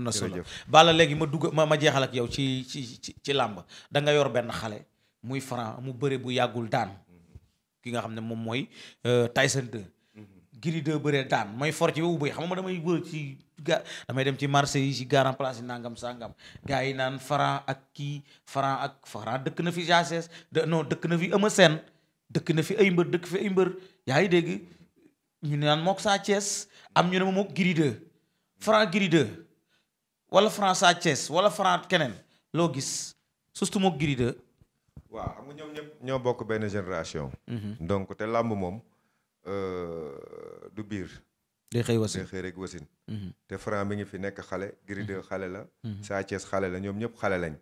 am na solo Balla léegi ma dugg ma ma jeexal ak yow ci ci ci ci làmb danga nga yor benn xale muy Franc mu bëre bu yàggul daan ki nga xam ne moom mooy euh, Tyson 2 Gris 2 bëree daan may for ci boobu bay xam nga damay wër ci ga damay dem ci marché yi ci garan place yi nangam sangam gaa yi naan Franc ak kii Franc ak Franc dëkk na fi jases de non dëkk na fi Eumeu Sène dëkk na fi ay mbër dëkk fi ay mbër yaa ngi dégg ñu ne naan mook saa Thiès am ñu ne ma mook Gris 2 Franc wala Franc Sa Thiès wala Franc keneen loo gis surtout moog Gris 2. waaw am nga ñoom ñëpp ñoo bokk benn génération. Mhm. donc te làmb moom euh, du biir. day xëy wasin day xëy rek wasin. Mhm. te Franc mi ngi fi nekk xale. Gris 2 mhm. xale la. Sa Thiès xale la ñoom ñëpp xale lañ.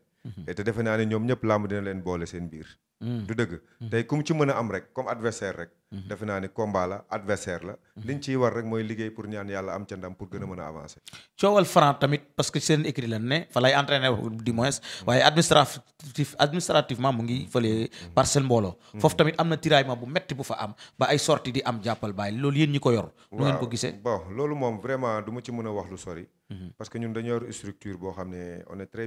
te defe naa ne ñoom ñëpp làmb dina leen boole seen biir. du dëgg tey ku mu ci mën a am rek comme adversaire rek. Mhm. defe naa ni combat la adversaire la. Mhm. liñ ciy war rek mooy liggéey pour ñaan yàlla am ca ndam pour gën a mën a avancer. coowal Franc tamit parce que seen écrit la ne fa lay entraîner du mhm. waaye administrativement mu ngi fële parcelle mbooloo. foofu tamit am na tiraillement bu metti bu fa am ba ay sortie di am jàppal bàyyi loolu yéen ñi ko yor. nu ngeen ko gisee bon loolu moom vraiment du ma ci mën a wax lu sori. parce que ñun dañoo yor structure boo xam ne on est que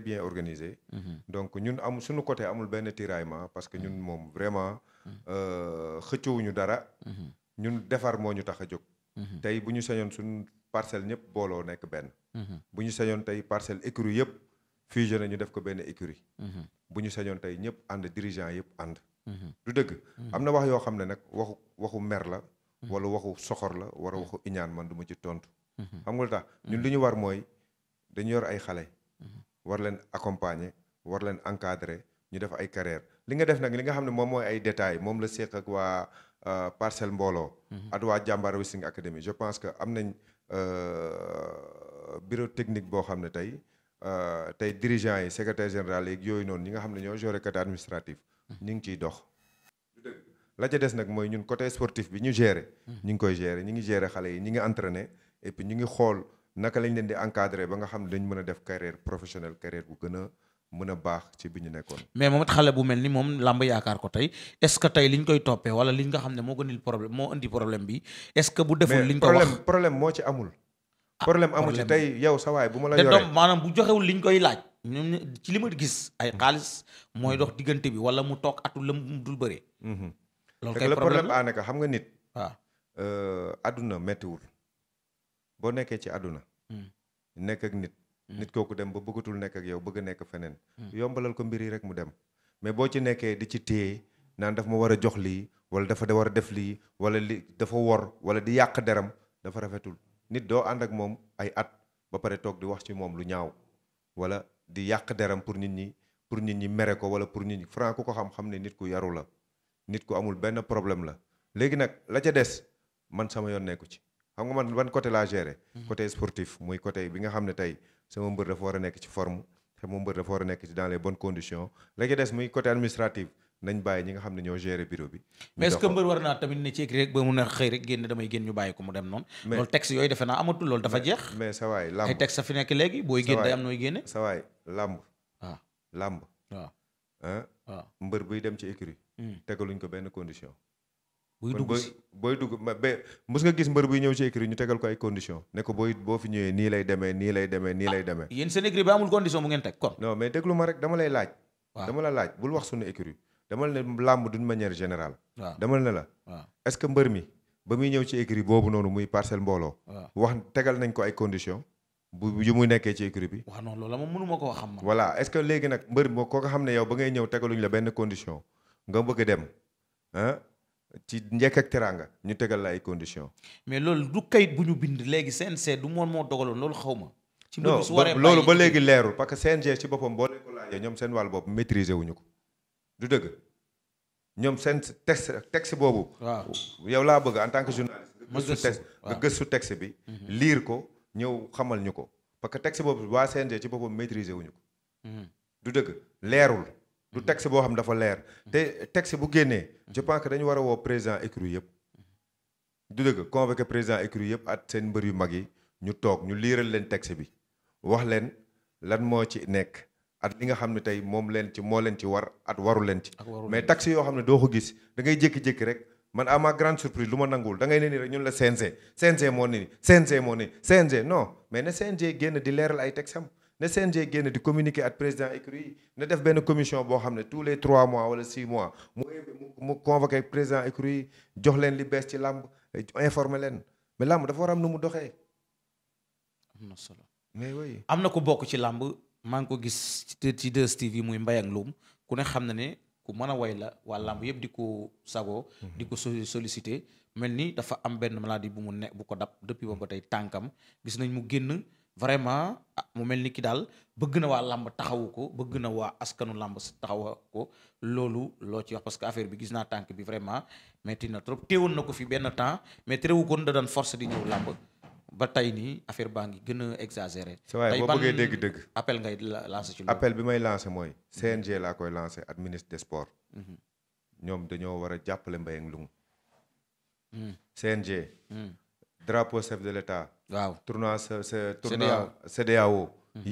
ñun Euh, xëccoowuñu dara. Mm-hmm. ñun defar moo ñu tax a jóg. Mm-hmm. tey bu ñu sañoon suñ parcelle ñëpp booloo nekk benn. Mm-hmm. bu ñu señoon tey parcelle écurie yëpp fusionné ñu def ko benn écurie. bu ñu señoon tey ñëpp ànd dirigeant yëpp ànd. du dëgg. am na wax yoo xam ne nag waxu waxu mer la. wala waxu soxor la wala waxu iñaan man du ma ci tontu. xam nga lu tax ñun li ñu war mooy dañu yor ay xale. war leen accompagner war leen encadrer ñu def ay carrière li nga def nag li nga xam ne moom mooy ay détails moom la seq waa euh, parcelle mbooloo mhm. at waa jàmbaar Wrestling Academy je pense que am nañ euh, bureau technique boo xam ne tey euh, tey dirigeant yi secrétaire général yeeg yooyu noonu ñi nga xam ne ñoo géré côté administratif mhm. ñu ngi ciy dox la ca des nag mooy ñun côté sportif bi ñu géré mhm. ñu ngi koy géré ñu ngi géré xale yi ñi ngi entraîné et puis ñu ngi xool naka lañ leen di encadré ba nga xam ne dañ mën a def carrière professionnelle carrière bu gën a mën a baax ci bi ñu nekkoon. mais moom it xale bu mel ni moom làmb yaakaar ko tey est-ce tey li ñu koy toppee wala li nga xam ne moo gënil problème moo indi problème bi est-ce que bu deful li ñu wax problème moo ci amul. Ah, problème amul ci tey yow sa waaye bu ma la yoree te doom maanaam bu joxewul li ñu koy laaj. ñoom ci li ma gis ay hmm. xaalis mooy dox diggante bi wala mu toog atul la mu dul bëree. Hmm. loolu kay problème la ah, nekk xam nga nit. waaw ah. adduna euh, méttiwul boo nekkee ci adduna. Hmm. nekk ak nit. nit kooku dem ba bëggatul nekk ak yow bëgg a nekk feneen. Hmm. yombalal ko mbir yi rek mu dem. mais boo ci nekkee di ci téye naan daf ma war a jox lii wala dafa da war a def lii wala li dafa wor wala di yàq deram dafa rafetul nit doo ànd ak moom ay at ba pare toog di wax ci moom lu ñaaw wala di yàq deram pour nit ñi pour nit ñi mere ko wala pour nit ñi franc ku ko xam-xam ne nit ku yaru la nit ku amul benn problème la léegi nag la ca des man sama yoon nekku ci. xam nga man ban côté laa géré. Mhm. côté sportif muy côté bi nga xam ne tey sama mbër dafa war a nekk ci forme sama mbër dafa war a nekk ci dans les bonnes conditions la ci des muy côté administratif nañ bàyyi ñi nga xam ne ñoo géré bureau bi. mais est mbër war naa tamit ne ci rek ba mun a xëy rek génn damay génn ñu bàyyi ko mu dem noonu. mais loolu texte yooyu defe naa amatul loolu dafa jeex. mais sa waay làmb ay làmb. waaw ah. ah. ah. mbër buy dem ci écurie. Hmm. tegaluñ ko benn condition. buy dugg si booy dugg ba mës nga gis mbër buy ñëw ci écrit ñu tegal ko ay condition ne ko booy boo fi ñëwee nii lay demee nii lay demee nii lay ah, demee. yéen seen écrit ba amul condition bu ngeen teg kon. non mais déglu ma rek dama lay laaj. dama la laaj bul wax suñu écrit dama la ne làmb d'une manière générale. dama ne la. est-ce que mbër mi ba muy ñëw ci écrit boobu noonu muy parcelle mbooloo. wax tegal nañ ko ay condition bu yu muy nekkee ci écurie bi. waaw non loolu moom mënu ma koo xam. voilà est-ce que léegi nag mbër moo ko nga xam ne yow ba ngay ñëw tegaluñ la benn condition nga bëgg dem ah ci njëkk ak teraanga ñu tegal la ay conditions. mais loolu du kayit bu ñu bind léegi CNG du moom moo dogaloon loolu xaw ma. ci mbir su waree loolu ba léegi leerul parce que CNG ci boppam boo leen ñoom seen wàll bopp maîtriser wuñu ko du dëgg ñoom seen texte texte boobu. waaw yow laa bëgg en tant que journaliste. ma gëstu nga gëstu texte bi. Mhm. liir ko ñëw xamal ñu ko parce que texte boobu waa CNG ci boppam maîtriser wuñu ko. Mhm. du dëgg leerul. du texte boo xam dafa leer te texte bu génnee je pense que dañu war a woo président écrou yëpp du dëgg convoqué président écrou yëpp at seen mbër yu mag yi ñu toog ñu liiral leen texte bi wax leen lan moo ci nekk at li nga xam ne tey moom leen ci moo leen ci war at waru leen ci mais taxe yoo xam ne doo ko gis da ngay jékki-jékki rek man à ma grande surprise lu ma nanguwul da ngay ne ni rek ñun la CNG CNG moo ne ni CNG moo ne CNG non mais ne CNG génn di leeral ay texte am na CNG génn di communiquer ak président écurie yi def benn commission boo xam ne tous les trois mois wala six mois mu mu convoqué président écurie yi jox leen li bees ci làmb informer leen mais làmb dafa war am nu mu doxee. am na solo mais oui. am na ko bokk ci làmb maa ngi ko gis ci 2STV muy mbay ak Loum ku ne xam na ne ku mën a way la waa làmb yëpp di ko sagoo. Mhm. di ko sollicité mel nii dafa am benn maladie bu mu ne bu ko dab depuis ba ba tey tànkam gis nañ mu génn. vraiment ah, mu mel ni ki daal bëgg na waa làmb taxawu ko bëgg na waa askanu làmb taxawa ko loolu loo ci wax parce que affaire bi gis naa tànk bi vraiment metti na trop téewoon na ko fi benn temps mais terewu ko da daan force di ba tey nii affaire baa ngi gën a exagéré. tey boo bëggee dëgg dëgg appel ngay lancé ci loolu. appel bi may lancé mooy mhm. CNG laa koy lancé ak ministre des sports. Mhm. ñoom dañoo war a jàppale Mbayang Loum. Mhm. CNG. drapeau chef de l' waaw tournoi sa sa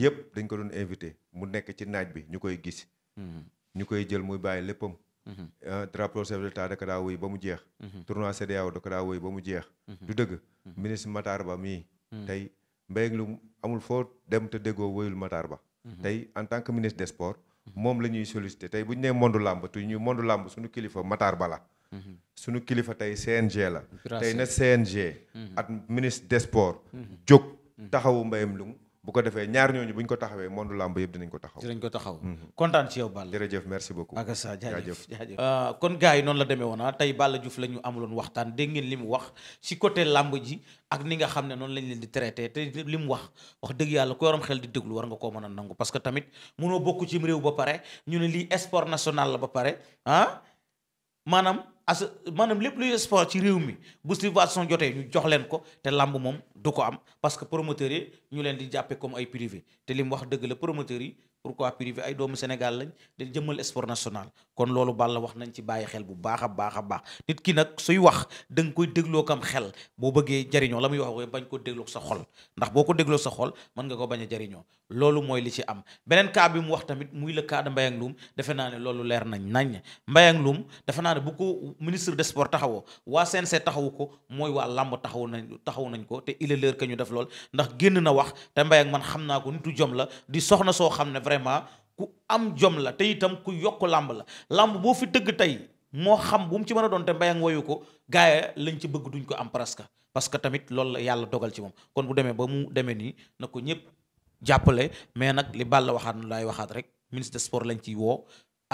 yëpp dañ ko doon invité mu nekk ci naaj bi ñu koy gis mhm. ñu koy jël muy bàyyi léppam mhm. ah, drapeau chef de l'État da ko daa woy ba mu jeex mhm. tournoi CEDEAO da ko daa woy ba mu jeex du dëgg ministre Matar Ba mii tey mbéyeg lu amul foo dem te déggoo woyul Matar Ba tey en tant que ministre des sports moom la ñuy sollicité tey bu ñu nee mondu làmb tu ñuy mondu làmb suñu kilifa Matar Ba la Mm-hmm. suñu kilifa tey CNG la tey na CNG mm-hmm. ak ministre des sports mm-hmm. jóg taxawu mbayam lung bu ko defee ñaar ñooñu bu ko taxawee monde làmb yëpp dinañ ko taxaw dinañ ko taxaw kontaan ci yow Balla jërëjëf sa euh, kon gars yi noonu la demee woon ah. tey Balla Diouf la ñu amuloon waxtaan dégg ngeen li mu wax ci côté làmb ji ak ni nga xam ne noonu lañ leen di traité te li mu wax wax dëgg yàlla ku yorom xel di déglu war nga koo mën a nangu parce que tamit munoo bokk ci réew ba pare ñu ne lii sport national la ba pare ah maanaam as maanaam lépp luy sport ci réew mi bu subvention jotee ñu jox leen ko te lamb moom du ko am parce que promoteurs yi ñu leen di jàppee comme ay privé te li mu wax dëgg la promoteurs yi pourquoi privé ay doomu Sénégal lañ dañ jëmmal sport national kon loolu Balla wax nañ ci bàyyi xel bu baax a baax a baax nit ki nag suy wax da nga koy dégloo am xel boo bëggee jariñoo la muy wax bañ ko dégloo sa xol ndax boo ko dégloo sa xol mën nga ko bañ a jariñoo loolu mooy li ci am beneen kaa bi mu wax tamit muy le cas de Mbayang Loum defe naa ne loolu leer nañ nañ Mbayang Loum defe naa ne bu ko ministre de sports taxawoo waa CNC taxawu ko mooy waa làmb taxaw nañ taxaw nañ ko te il est que ñu def lool ndax génn na wax te Mbayang xam naa ko nitu la vraiment ku am jom la te itam ku yokk làmb la làmb boo fi dëgg tey moo xam bu mu ci mën a doon te mbayang wayu ko gaaya lañ ci bëgg duñ ko am presque parce que tamit loolu la yàlla dogal ci moom kon bu demee ba mu demee nii na ko ñëpp jàppale mais nag li la waxaat nu laay waxaat rek ministre de sport lañ ciy woo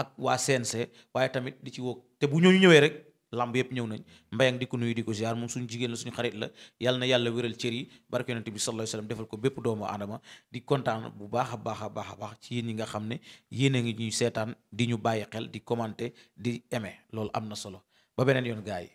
ak waa CNC waaye tamit di ci woo te bu ñooñu ñëwee rek làmb yëpp ñëw nañ mbayang di ko nuyu di ko ziar moom suñu jigéen la suñu xarit la yàlla na yàlla wéral cër yi barke yonente bi sallallahu alayhi wasallam defal ko bépp doomu aadama di kontaan bu baax a baax a baax baax ci yéen ñi nga xam ne yéen a ngi ñuy seetaan di ñu bàyyi xel di commenter di aimer loolu am na solo ba beneen yoon gars yi